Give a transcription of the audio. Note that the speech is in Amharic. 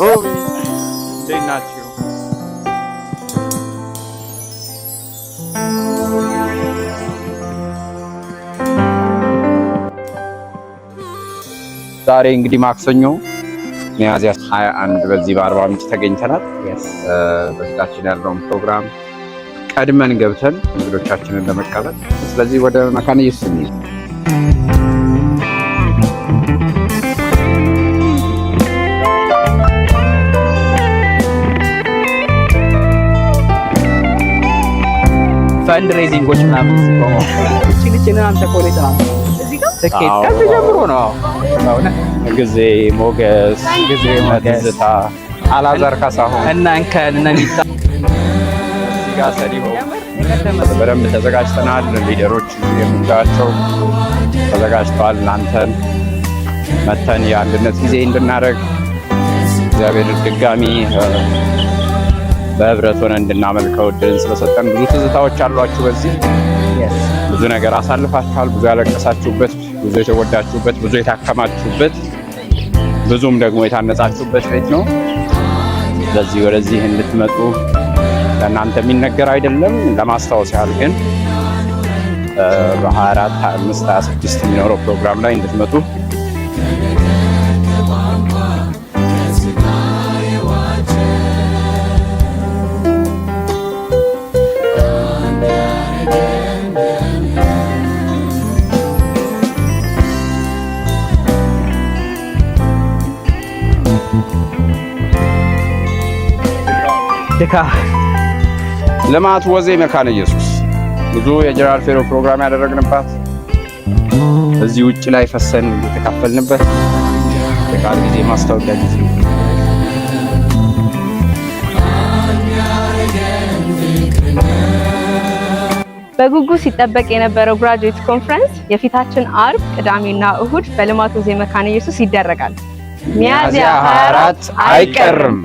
ሮቢ እንዴት ናችሁ? ዛሬ እንግዲህ ማክሰኞ ሚያዝያ 21 በዚህ በአርባ ምንጭ ተገኝተናል። በፊታችን ያለውን ፕሮግራም ቀድመን ገብተን እንግዶቻችንን ለመቀበል ስለዚህ ወደ መካነ ኢየሱስ ፈንድሬዚንጎች ሬዚንጎች ስኬት ከዚህ ጀምሮ ነው። ጊዜ ሞገስ፣ ጊዜ ትዝታ፣ አላዛር ካሳሁን እና እንከን በደንብ ተዘጋጅተናል። ሊደሮች የምንላቸው ተዘጋጅተዋል። እናንተን መተን የአንድነት ጊዜ እንድናደርግ እግዚአብሔር ድጋሚ በህብረት ሆነ እንድናመልከው እድልን ስለሰጠን ብዙ ትዝታዎች አሏችሁ። በዚህ ብዙ ነገር አሳልፋችኋል። ብዙ ያለቀሳችሁበት፣ ብዙ የተጎዳችሁበት፣ ብዙ የታከማችሁበት፣ ብዙም ደግሞ የታነጻችሁበት ቤት ነው። ስለዚህ ወደዚህ እንድትመጡ ለእናንተ የሚነገር አይደለም። ለማስታወስ ያህል ግን በ24 25 26 የሚኖረው ፕሮግራም ላይ እንድትመጡ ልማት ወዜ መካነ ኢየሱስ ብዙ የጀራል ፌሮ ፕሮግራም ያደረግንባት እዚህ ውጭ ላይ ፈሰን የተካፈልንበት የቃል ጊዜ ማስታወቂያ ጊዜ በጉጉ ሲጠበቅ የነበረው ግራጁዌት ኮንፈረንስ የፊታችን አርብ፣ ቅዳሜና እሁድ በልማት ወዜ መካነ ኢየሱስ ይደረጋል። ሚያዝያ 24 አይቀርም።